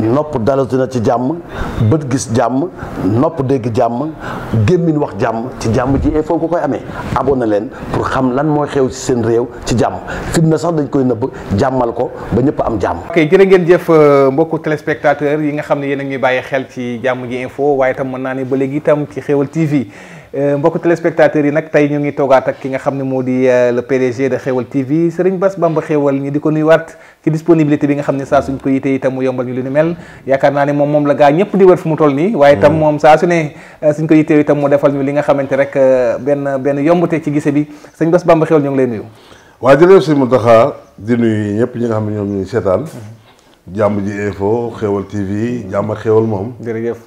nopp dalatu na ci jàmm bët gis jàmm nopp dégg jàmm gémmiñ wax jàmm ci jàmm ji il faut nga koy amee abonné leen pour xam lan mooy xew ci seen réew ci jàmm fitna sax dañ koy nëbb jàmmal ko ba ñëpp am jàmm. ok jërë ngeen jëf euh, mbokku téléspectateur yi nga xam ne yéen a ngi bàyyi xel ci jàmm ji info waaye itam mën naa ne ba léegi itam ci xewal TV. Euh, mbokku téléspectateurs yi nag tey ñu ngi toogaat ak ki nga xam ne moo di euh, le PDG de Xewal TV Serigne bas Bamba Xewal ñi di ko nuyuwaat ci disponibilité bi nga xam ne saa suñ ko yitee itam mu yombal ñu li nu mel yaakaar naa ne moom moom la gaa ñëpp di wër fu mu toll nii waaye tam hmm. moom saa su ne euh, suñ ko yitee itam mu defal ñu li nga xamante rek benn benn yombute ci gise bi Serigne Bass Bamba Xewal ñu ngi lay nuyu. waa jërëjëf Serigne Mountakha di nuyu ñëpp ñi nga xam ne ñoom ñuy seetaan hmm. jàmm ji info xéewal TV jàmm ak moom.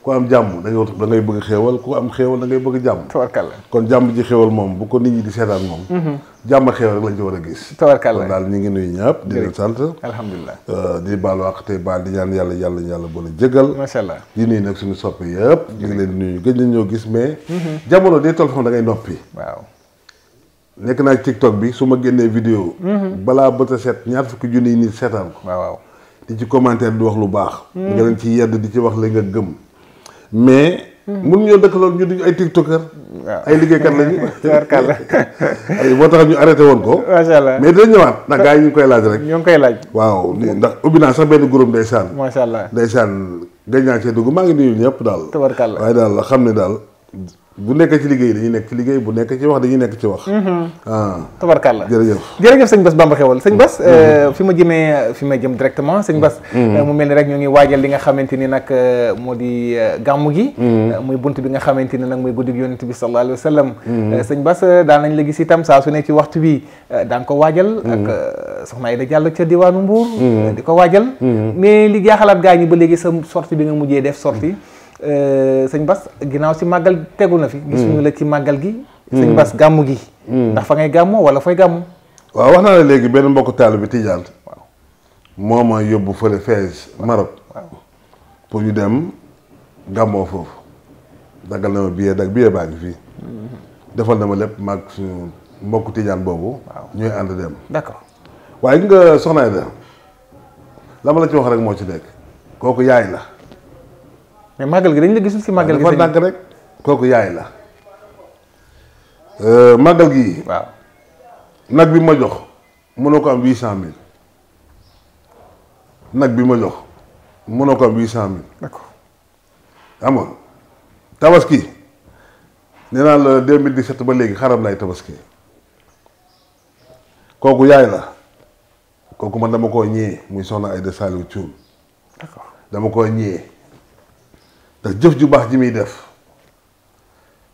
ku am jàmm da ngay da ngay bëgg xéewal ku am xéewal da ngay bëgg jàmm. tawarkalla kon jàmm ji xéewal moom bu ko nit ñi di seetaan moom. Mhm. jàmm ak xéewal rek lañ ci war a gis. tawarkalla kon daal ñu ngi nuyu ñëpp di leen sant. alhamdulilah euh, di baalu àq tey baal di ñaan yàlla yàlla yàlla boole jëggal. macha allah di nuyu nag suñu soppi yëpp. ñu ngi leen di nuyu gëj nañ ñoo gis mais. Mhm. jamono day toll foofu noppi. nekk naa TikTok bi su ma génnee vidéo. Mhm. balaa bët a set ñaar fukki junni nit seetaan ko di ci commentaire di wax lu baax. nga leen ci yedd di ci wax li nga gëm. mais. mun ñoo dëkk loolu ñu duñu ay tiktokers. waaw ay liggéeykat lañu. tubarkalla. moo tax ñu arrêté woon ko. macha allah mais dinañ ñëwaat ndax gars yi ñu ngi koy laaj rek. ñu ngi koy laaj. waaw ndax ubbi naa sax benn groupe ndeysaan. macha allah ndeysaan gëj naa cee dugg maa ngi nuyu ñëpp daal. tubarkalla waaye daal xam ne daal. bu nekk ci liggéey nekk liggéey bu nekk ci wax dañuy nekk ci wax. Mhm. Ah. tabarkàlla jërëjëf. jërëjëf sëñ Bass Bamba Xewal sëñ Bass. Mhm. Euh, fi ma jëmee fi ma jëm directement sañ Bass. Mhm. Euh, mu mel ni rek ñoo ngi waajal li nga xamante ni nag euh, moo di gàmmu gi. muy bunt bi nga xamante ni nag muy guddi yonent bi sallallahu alayhi wa sallam. sëñ Bass nañ la gis itam saa su ne waxtu bi daan ko waajal. ak soxna Aïda Diallo ca diwaanu Mbour. di ko waajal. mais li jaaxalaat gaa ñi ba léegi sa sortie bi nga mujjee def sortie Euh, sëñ Bas ginnaaw si màggal tegu na fi. Mm. gisuñu la ci màggal gi. Mm. sëñ Bas gàmmu gi. Mm. ndax fa ngay gàmmu wala fay gàmmu. waaw wax naa la léegi benn mbokk taal bi Tijaan. waaw moo yóbbu fële Fès Maroc. pour ñu dem gàmmoo foofu. daggal na ma billet dag billet baa ngi fii. Mm-hmm. defal na ma lépp mag suñu mbokku Tijaan boobu. waaw ñooy ànd dem. d'accord waaye nga soxnaay de la ma la ci wax rek moo ci nekk kooku yaay la. mais gi dañ la gisul si màggal gi. dafa nàkk rek kooku yaay la. Euh, màggal gi. waaw nag bi ma jox mënoo ko am huit cent mille nag bi ma jox mënoo ko am huit cent mille. d'accord xam nga tabaski nee naa la 2017 ba léegi xaram lay tabaski kooku yaay la kooku man dama koo ñëwee muy soxna Aïda Saliou Thioune. dama koo ñëwee. ndax jëf ju baax ji muy def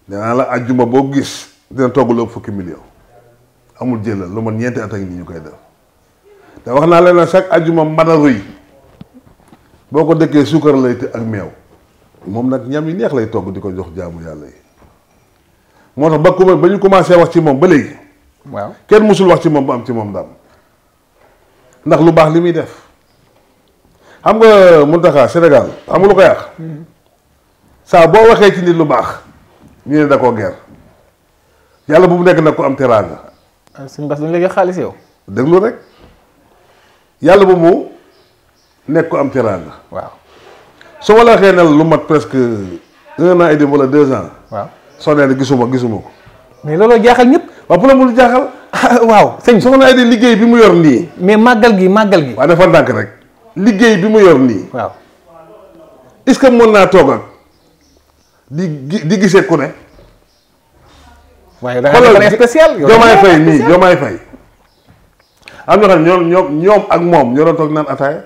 nee la ajjuma boo gis dina togg lu ëpp fukki million amul jëlal lu man ñeenti at ak ñu koy def te wax naa leen na chaque ajjuma mën boo ko dëkkee suukar lay te ak meew moom nag ñam yi neex lay togg di ko jox jaamu yàlla yi moo tax ba ku ba ñu commencé wax ci moom ba léegi. waaw kenn mësul wax ci moom ba am ci moom ndam ndax lu baax li muy def xam nga Mountakha Sénégal xam nga lu ko yàq. Mm-hmm. saa boo waxee ci nit lu baax ñu ne da koo ger yàlla bu mu nekk nag ko am teraanga. Ah, suñu bas nga léegi xaalis yow. déglu rek mu nekk am teraanga. waaw su ma lu mat presque un an et demi wala waaw soo nee ne gisuma gisuma mais looloo jaaxal ñëpp. waaw pour ah, waaw sëñ soxna Aida liggéey bi mu yor nii. mais màggal gi màggal gi. waaw dafa ndànk rek liggéey bi mu yor nii. waaw est-ce que mën naa toog di di gisee ku ne. waaye da nga spécial Diomaye Faye nii Diomaye Faye am na xam ñoom ñoom ñoom ak moom ñoo doon toog naan ataaya.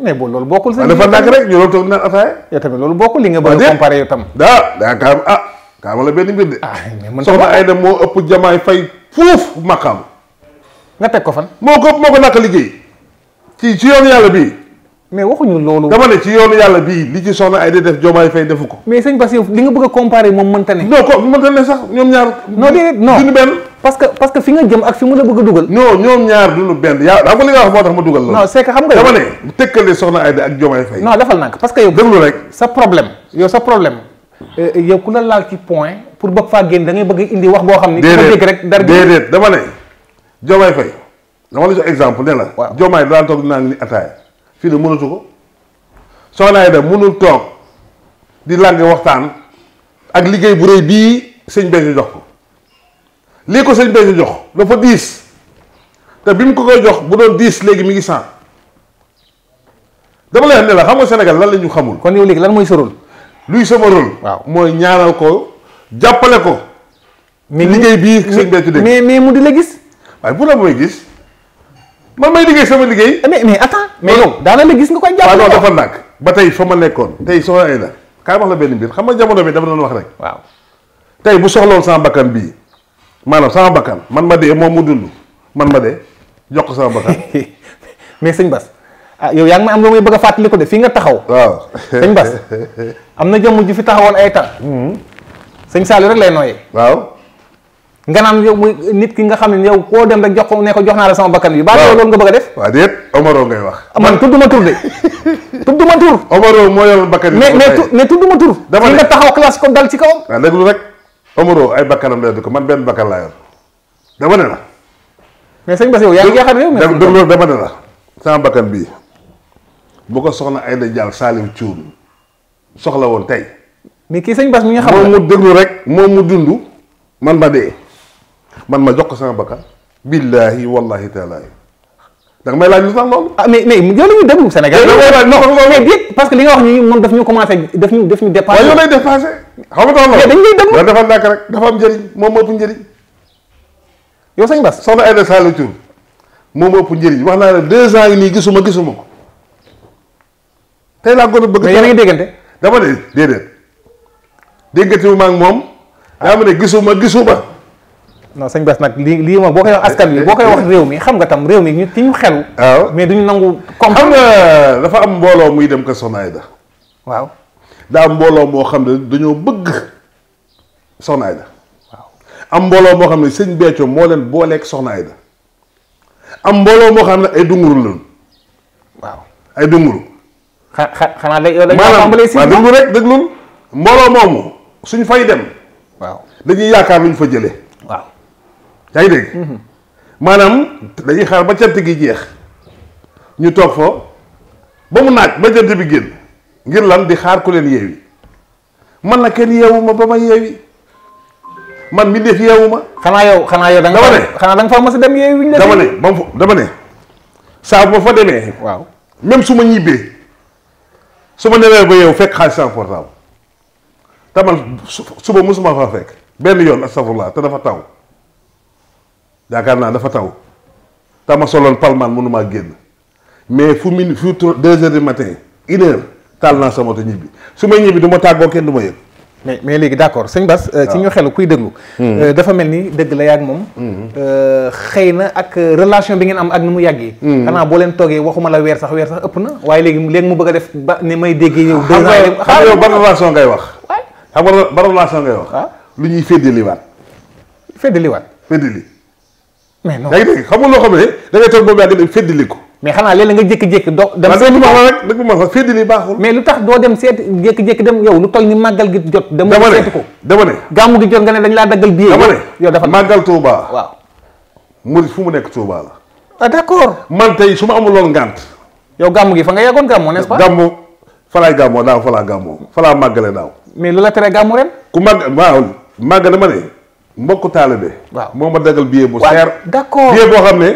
mais boobu loolu bokkul sax ah, dafa nag rek ñoo doon toog naan ataaya. yow tamit loolu bokkul li nga bëgg a comparé yow tam. daa daa kaam ah kaam la benn mbir de. ah soxna Aida moo ëpp Diomaye Faye fuuf maqaam. nga teg ko fan. moo ko moo ko naka liggéey. ci ci yoonu yàlla bii. mais waxuñu loolu. dama ne ci yoonu yàlla bii li ci soxna ay di def Diomaye Faye defu ko. mais sëñ Bassirou li nga bëgg a comparer moom mënta ne. non ko mënta ne sax ñoom ñaar. non déedéet non duñu benn. parce que parce que fi nga jëm ak fi mu la bëgg a dugal. non ñoom ñaar duñu benn yaa xam nga li nga wax moo tax ma dugal la. non c'est que xam nga dama ne tëkkale soxna ay di ak Diomaye Faye. non defal nak parce que yow. déglu rek sa problème yow sa problème. Euh, yow ku la laal ci point pour bëgg faa génn da ngay bëgg indi wax boo xam ni. déedéet rek dara déedéet dama ne Diomaye Faye dama la jox exemple ne la. waaw Diomaye daan toog naan ni ataaya fii de mënatu ko soxna Aida mënul toog di làng waxtaan ak liggéey bu rëy bii sëñ Béthio jox ko lii ko sëñ Béthio jox dafa diis te bi mu ko koy jox bu doon diis léegi mi ngi sant dama lay wax ne la xam nga Sénégal lan la ñu xamul. kon yow léegi lan mooy sa rôle. luy sama rôle. waaw mooy ñaanal ko jàppale ko. mais liggéey bii sëñ Béthio dégg mais mais mu di la gis. waaye bu la mooy gis. man may liggéey sama liggéey. Eh, mais mais attends mais yow daanaka gis nga ko jàppale. waaw non nag ba tey foo ma nekkoon tey soxla ay la kaay wax la benn mbir xam nga jamono bi dafa doon wax rek. waaw tey bu soxloon sama bakkan bii maanaam sama bakkan man ma dee moom mu dund man ma dee jox ko sama bakkan. mais sëñ Bas ah yow yaa ngi ma am loo may bëgg a fàttali ko de fii nga taxaw. waaw sëñ Bas am na jëmm ji fi taxawoon ay temps. Hmm. sëñ Saliou rek lay nooyee. waaw. nga naan yow nit ki nga xam ne yow koo dem rek jox ko ne ko jox naa la sama bakkan bi baa yow loolu nga a def waaw wax man tudduma tur de tudduma tur Omaro moo yoroon dama nga taxaw classe dal ci kawam waaw déglu rek ay bakkanam la ko man benn bakkan laa yor dama ne la mais sañ Bass yow yaa ngi yaakaar réew déglu dama ne la sama bakkan bii bu ko soxna Aïda Diall Salim Thioune soxla woon tey mais kii sañ Bass mi nga xam moom mu déglu rek moom mu dund man ma dee man ma jox ko sama bakkan billahi wallahi taalaay da may laaj lu tax loolu. ah mais mais yow la ñuy déglu Sénégal. mais parce que li nga wax nii moom daf ñu commencé daf ñu daf ñu dépassé. waaw yow lay dépassé. xam nga loolu dañ lay déglu dafa nekk rek dafa am njëriñ moom moo ëpp njëriñ. yow sëñ Bas. soxna Aïda Saliou Thioune moom moo ëpp njëriñ wax naa la deux ans yi nii gisuma gisuma ko tey laa gën a bëgg. mais yéen a ngi déggante. dama ne déedéet déggante wu ma ak moom. daa ma ne gisuma gisuma. non sëñ Bass nag lii lii moom boo koy wax askan wi boo koy wax réew mi xam nga tam réew mi ñu ci ñu xelu waaw mais duñu nangu comme xam am mbooloo muy dem ko Soxna Aida waaw daa mbooloo moo xam ne dañoo bëgg Soxna Aida waaw am mbooloo moo xam ne sëñ Béthio moo leen booleeg am mbooloo moo xam ne ay dunguru lañu waaw ay dunguru xa xanaa la yow la maanaam mbooloo moomu suñ fay dem waaw dañuy yaakaar luñ fa jëlee yaa ngi dégg. Mm-hmm. maanaam dañuy xaar ba cant gi jeex ñu toog fa ba mu naaj ba jant bi génn ngir lan di xaar ku leen yi man na kenn yeewuma ba ma yeewi man mi def yeewuma. xanaa yow xanaa yow da nga. dama ne xanaa da nga fa mos a dem yeewi. dama ne ba mu dama ne saa bu ma fa demee. waaw même su ma ñibbee su ma demee ba yeewu fekk xaalis sama portable te man suba mosuma faa fekk benn yoon astafurlah te dafa taw. yaakaar naa dafa taw tama soloon palmaan mënumaa génn mais fu min fu deux heures du matin une heure taal naa sama moto ñibbi su may ñibbi du ma tàggoo kenn du ma yëg mais mais léegi d'accord sëñ Bass euh, ci ah. ñu xelu kuy déglu hmm. euh, dafa mel ni dëgg la yàgg moom hmm. euh, xëy na ak relation bi ngeen am ak nu mu yàggee hmm. naa boo leen toogee waxuma la weer sax weer sax ëpp na waaye léegi léegi mu bëgg a def ba ni may déggee yow xam nga yow relation ngay wax xam nga ban relation ngay wax ah. lu ñuy féddaliwaat féddaliwaat féddali mais non yaa ngi dégg xam nga loo xam ne da ngay toog boobu yaa ngi dem féddili ko mais xanaa léeg-léeg nga jékki-jékki do dem seeti ma rek dëgg ma wax féddili baaxul mais lu tax doo dem seet jékki-jékki dem yow lu toll ni màggal gi jot dem seeti ko dama ne gàmmu gi jot nga ne dañ laa daggal billet dama ne yow dafa màggal Touba waaw murid fu mu nekk Touba la ah d'accord man tey su ma amul loolu ngànt yow gàmmu gi fa nga yeggoon gàmmoo n'est-ce pas gàmmu falaay gàmmoo daaw falaa gàmmoo falaa màggale daaw mais lu la tere gàmmu ren ku màgg waaw màgg dama ne mbokk taalibe. waaw moo ma dagal billet bu seer. d'accord billet boo xam ne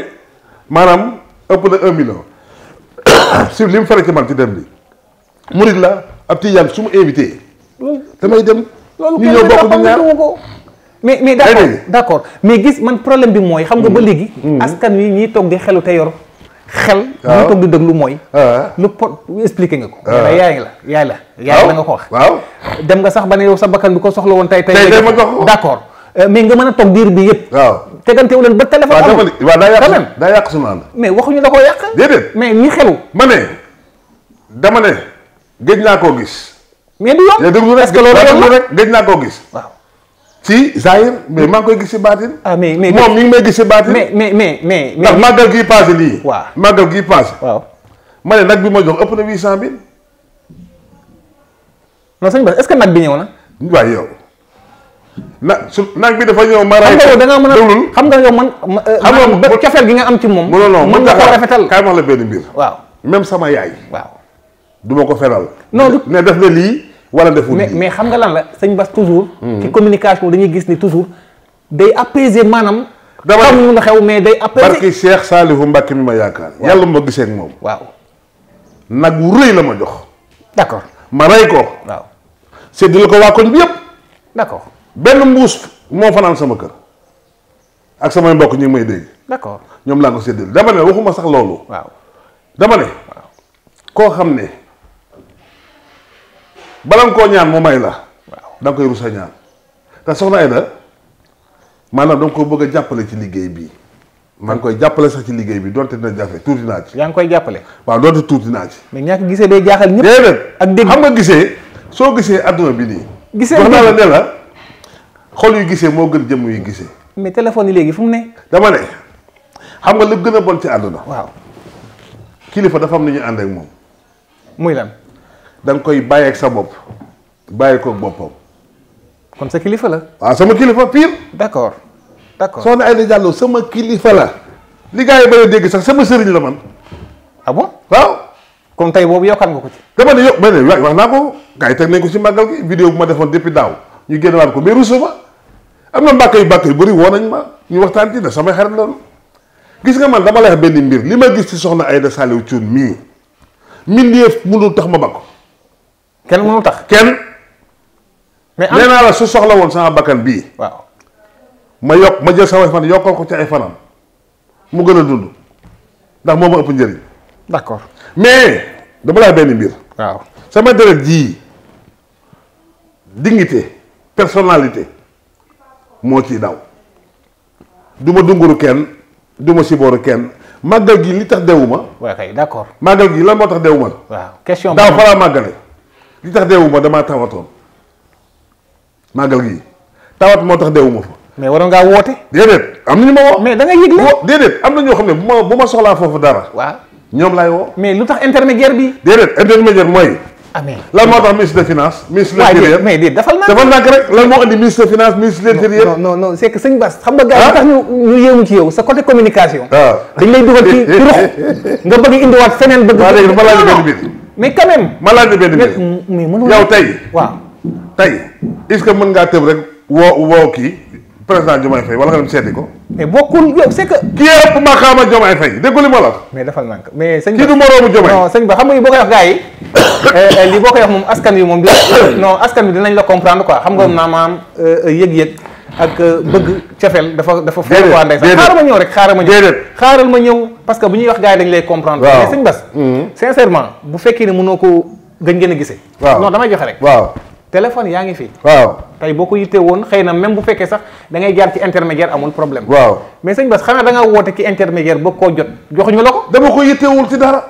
maanaam ëpp na un million. si li mu fere ci man ci dem bi. murid la ab tijaan su ma invité. damay dem. loolu ñu ñëw bokk ñu ñaar mais mais d'accord d'accord mais gis man problème bi mooy. xam nga ba mm. léegi. Mm. askan wi ñiy toog di xelu te yor. xel ñiy ah. toog di déglu mooy. Ah. lu po expliqué nga ko. waaw ah. yaay la yaay la. yaay la nga ko wax. waaw dem nga sax ba ne yow sa bakkan bi ko soxla woon tey tey. tey ma jox ko Euh, mais nga mën a toog diir bi yëpp. waaw tegantewu leen ba téléphone. amul waaw dafa waaw daa yàq suñu daa yàq suñu ànd. mais waxuñu da koo yàq. déedéet mais ñi xelu. ma ne dama ne géej naa koo gis. mais du yoon est-ce que loolu yoon rek géej naa koo gis. si ci Zahir mais maa ngi koy gis si baatin. ah mais mais moom mi may gis si baatin. mais mais mais mais. ndax màggal gii passé lii. waaw màggal gii passé. waaw ma ne nag bi ma jox ëpp na huit cent Ba nag bi ñëw na. na su naaj bi dafa ñëw ma ray ko da nga mën a déglu xam nga yow man. xam nga ah, man cofeel gi nga am ci moom. non non mën nga ko rafetal kaay ma la benn mbir. waaw même sama yaay. waaw du ma ko fenal. non ne def na lii wala deful lii. mais xam nga lan la sëñ Bass toujours. Mhm. ci communication dañuy gis ni toujours day apaiser maanaam. dama xam mun a xew mais day apaiser. barki Cheikh Salihou Mbacké mi ma yaakaar. yàlla ma gisee ak moom. waaw nag wu rëy la ma jox. d' accord ma rey ko. waaw séddale ko waa koñ bi yëpp. d' accord benn mbuus moo fanaan sama kër ak samay mbokk ñu ngi may dégg. d'accord ñoom laa ko séddale dama ne waxuma sax loolu. waaw dama ne. koo xam ne bala koo ñaan mu may la. waaw da nga koy rusa ñaan te soxna Aida maanaam da nga ko bëgg a jàppale ci liggéey bi maa ngi koy jàppale sax ci liggéey bi donte dina jafe tuuti naa ci. yaa ngi koy jàppale. waaw donte tuuti naa ci. mais ñàkk gisee day jaaxal ñëpp. déedéet ak dégg xam nga gisee soo gisee adduna bi nii. gisee la ne xol yu gisee moo gën jëmm yu gisee. mais téléphone yi léegi fu mu ne. dama ne xam nga lu gën a bon ci àdduna. waaw kilifa dafa am lu ñuy ànd ak moom. muy lan. da nga koy bàyyeeg sa bopp bàyyi ko boppam. kon sa kilifa la. waaw sama kilifa pire. d'accord d'accord Soxna Aïda Diallo sama kilifa la. li gars yi ba dégg sax sama sëriñ la man. ah waaw. kon tey boobu yokkaat nga ko ci. dama ne yokk ma ne wax naa ko gars teg nañ ko ci màggal gi vidéo bu ma defoon depuis daaw am na mbàkk yu bàkk yu bëri woo nañ ma ñu waxtaan ci ne samay xarit loolu gis nga man dama lay wax benn mbir li ma gis ci soxna Aïda Saliou Thioune mii mbindeef mënul tax ma bakko kenn mënul tax kenn. mais nee la su soxla woon sama bakkan bii. waaw ma yokk ma jël sama fan yokkal ko ci ay fanam mu gën a dund ndax moo ma ëpp njëriñ. d'accord mais dama lay benn mbir. waaw sama deret jii dignité personnalité. moo ciy daw du ma dunguru kenn duma ma sibooru kenn màggal gi li tax deewuma. waaw kay d'accord màggal gi lan moo tax deewuma. waaw question daaw fa laa màggale li tax deewuma damaa tawatoon màggal gi tawat moo tax deewuma fa. mais waroon ngaa woote. déedéet am na ñu ma woo. mais da nga yëgle déedéet am na ñoo xam ne bu ma bu ma soxlaa foofu dara. waaw ñoom laay woo. mais lu tax intermédiaire bi. déedéet intermédiaire mooy. amee lan moo tax ministre des finances. ministre de l'intérieur mais déet dafal naa. dafal rek lan moo andi ministre des ministre de l'intérieur. non non c'est que sëñ Bass xam nga gars ah? tax ñu ñu ci yow sa côté communication. Ah. dañ lay du ci ci ruq nga bëgg indiwaat feneen bëgg. waaw léegi ma laaj benn mbir. mais quand même. ma laaj benn mbir mais mënoo. yow tey est-ce que mën ngaa tëb rek woo woo kii président Diomaye Faye wala seeti ko. mais bokkul yow c'est que. kii yëpp ma xaama Diomaye Faye déggu ma la. mais defal nànk mais sëñ. kii du moroomu Diomaye non sëñ ba xam nga li boo koy wax yi euh, li boo koy wax wi moom dinañ. non askan wi dinañ la comprendre quoi xam nga hmm. maanaam euh, yëg-yëg. ak euh, bëgg cafel dafa dafa fo quoi ndeysaan xaaral ma ñëw rek xaaral ma ñëw xaaral ma ñëw parce que bu ñuy wax gars yi dañ lay comprendre mais sëñ Bas hmm. fekkee ne mënoo ko gën ngeen a gisee non damay joxe rek waaw téléphone yaa ngi fii waaw tey boo ko yittee woon xëy na même bu fekkee sax da ngay jaar ci intermédiaire amul problème. waaw mais sëñ Bass xanaa da nga woote ci intermédiaire ba koo jot joxuñu la ko. dama ko woon ci dara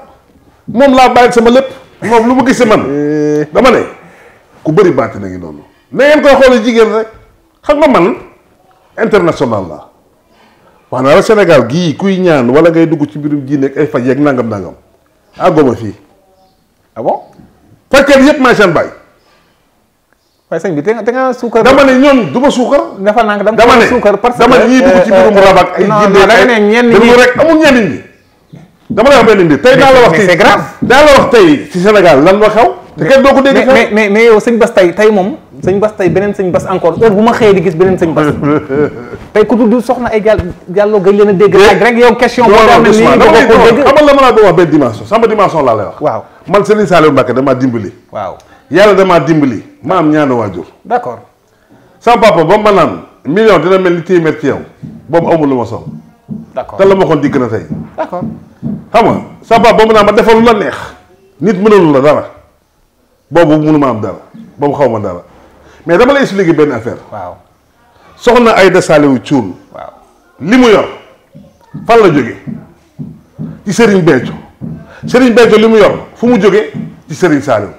moom laa bàyyi sama lépp moom lu mu gis man eh. dama ne ku bëri baati na ngi noonu. na ngeen koy xoolee jigéen rek xam nga man international la wax maanaam Sénégal gii kuy ñaan wala ngay dugg ci mbirum ji nekk ay faj yeeg nangam nangam ah góobo fii ah bon fajkat waaye sëñ bi te nga suukar. dama ne ñoom du ma suukar. dafa nang da nga ko suukar parce que dama ne ñii dugg ci mbirum rabak ay jëndee ay non non ñenn ñi rek amul ñenn ñi. dama lay wax benn mbir tey tey c'est wax te beneen sëñ Bass encore heure bu ma xëyee di gis beneen sëñ a dégg. laaj rek yow question. boo xam ne nii nga ko la wax waaw man Serigne Saliou Mbacké dimbali waaw yàlla damaa dimbali ma am ñaanu waajur. d'accord sama papa ba ma naan million dina mel ni téeméer ci yow boobu amul lu ma soxla. d'accord te la ma waxoon digg na tey. d'accord xam ba mu ma defal la neex. nit mënalu la dara boobu mënu ma am dara boobu xaw ma dara mais dama lay expliquer benn affaire. waaw soxna Aïda Saliou Thioune. waaw li mu yor fan la jóge ci Serigne Béthio Serigne Béthio li mu yor fu mu jóge ci Serigne Saliou.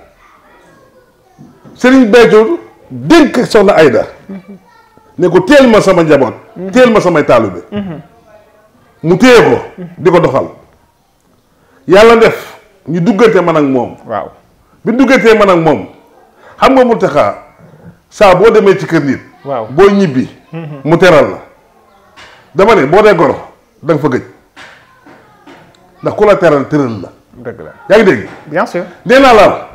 Serigne Béthio dénk soxna Aida ne ko teel ma sama njaboot teel ma samay taalibe mu téye ko di ko doxal yàlla def ñu duggante man ak moom waaw bi duggantee man ak moom xam nga mu taxaa saa boo demee ci kër nit waaw boo ñibbi mu teral la dama ne boo dee goro da fa gëj ndax ku la teral tëral la dëgg dégg nee naa laal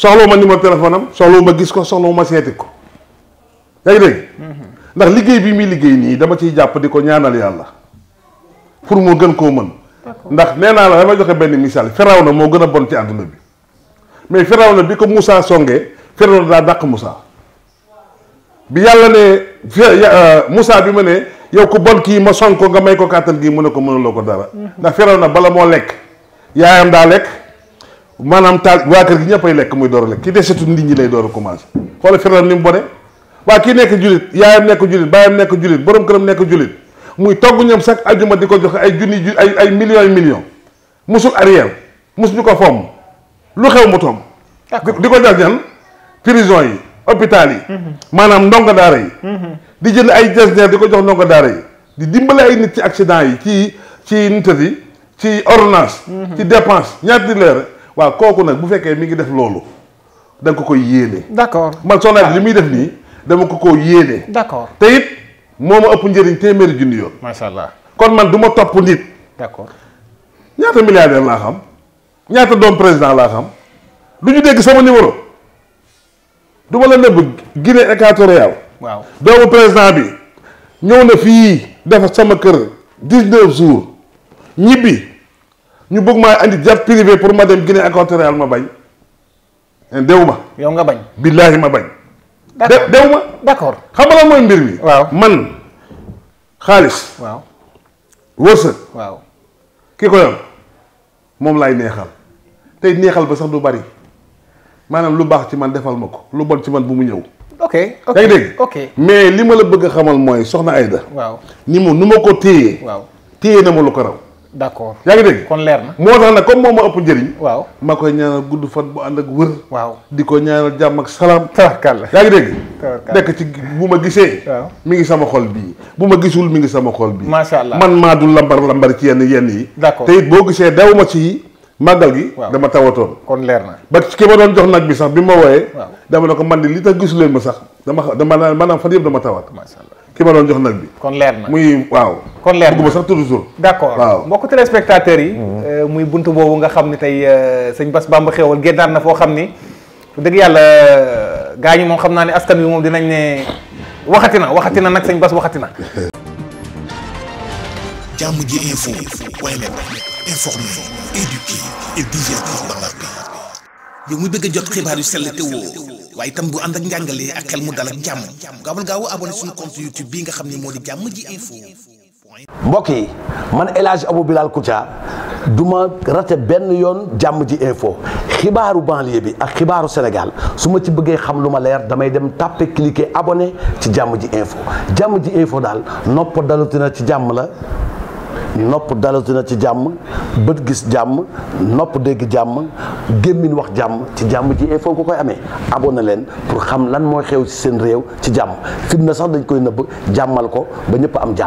soxlawu ma numéro téléphone am soxlawu ma gis ko soxlawu ma seeti ko yaa ngi mhm. ndax liggéey bi muy liggéey nii dama ciy jàpp di ko ñaanal yàlla pour moo gën koo mën ndax nee naa la dama joxe benn misaal firaw na moo gën a bon ci àdduna bi mais firaw na bi ko Moussa songee firaw na daa dàq Moussa bi yàlla ne euh, Moussa bi ma ne yow ko bon kii ma song ko nga may ko kàttan gii mu ne ko mënuloo ko dara mhm. ndax firaw na bala moo lekk yaayam daa lekk maanaam taal waa kër gi ñëppay lekk muy door lekk ki desetu nit ñi lay door a commencé xoola ni mu bone waa kii nekk julit yaayam nekk julit baayam nekk julit borom këram nekk julit muy togg ñoom sax ajuma di ko jox ay junni ju ay ay millions yi musul arrière mus ñu ko fomm lu xew mu toom di ko jar ñan prison yi hôpital yi mm-hmm. maanaam ndongo daara yi mm-hmm. di jën ay jasneer di ko jox ndongo daara yi di dimbale ay nit ci accident yi ci ci nitati ci ordonnance mm-hmm. ci dépense di leer waaw kooku nag bu fekkee mi ngi def loolu da ko koy yéene. d'accord man soxna li muy def nii dama ko koo yéene. d'accord te it moo ma ëpp njëriñ téeméeri junni yoon. allah kon man du ma topp nit. d'accord ñaata milliardaire laa xam ñaata doom président laa xam du ñu dégg sama numéro du ma la nëbb Guinée équatoriale. waaw doomu président bi ñëw na fii def sama kër dix-neuf jours ñibbi. ñu bëgg maa indi jet privé pour ma dem Guinée équatoriale ma bañ. Eh, déw ma. yow nga bañ. billaahi ma bañ. d'accord déw ma. d'accord xam nga lan mooy mbir mi. waaw man xaalis. waaw wërsëg. waaw ki ko yor moom laay neexal tey neexal ba sax lu bari maanaam lu baax ci man defal ma ko lu bon ci man bu mu ñëw. ok ok yaa dégg. ok mais li ma la bëgg a xamal mooy soxna Aida. waaw ni mu nu ma ko téye. waaw téye na ma lu ko raw. d' accord yaa ngi dégg. kon leer na moo tax nag comme moom ma ëpp njëriñ. waaw ma koy ñaanal gudd fan bu ànd ak wër. waaw di ko ñaanal jàmm ak salaam. tabarkàlla yaa ngi dégg. nekk ci bu ma gisee. mu ngi sama xol bii bu ma gisul mi ngi sama xol bii. macha allah man maa dul lambar lambar ci yenn yenn yi. d' accord te it boo gisee daw ma ci màggal gi. dama tawatoon. kon leer na ba ki ma doon jox nag bi sax bi ma wooyee. dama ne ko man de li tax gisuleen ma sax. dama xa dama maanaam fan yëpp dama tawat. macha allah ki ma doon jox nag bi. kon leer na muy waaw. kon leer na bëgguma sax toujours. d' accord waaw mbokku téléspectateurs yi. Mm-hmm. Euh, muy bunt boobu nga xam ne tey euh, sëñ bas Bamba Xéwal génnaat na foo xam ni. dëgg yàlla euh, gaa ñi moom xam naa ne askan wi moom dinañ ne waxati na waxati na nag sëñ bas waxati na. jàmm ji info. yow mu bëgg a jot xibaar yu sell te woo waaye itam bu ànd ak njàngalee ak xel mu dal ak jàmm gaawal gaaw bii nga xam ne moo di jàmm ji info. mbokk yi man El Hadj Abou Bilal Koutia du ma rate benn yoon jàmm ji info xibaaru banlieue bi ak xibaaru senegal su ma ci bëggee xam lu ma leer damay dem tàppe cliquer abone ci jàmm ji info jàmm ji info daal nopp dalutina ci jàmm la. nopp dalatu na ci jàmm bët gis jàmm nopp dégg jàmm gémmiñ wax jàmm ci jàmm ji e foo ko koy amee abonné leen pour xam lan mooy xew ci seen réew ci jàmm fitna sax dañ koy nëbb jàmmal ko ba ñëpp am jàmm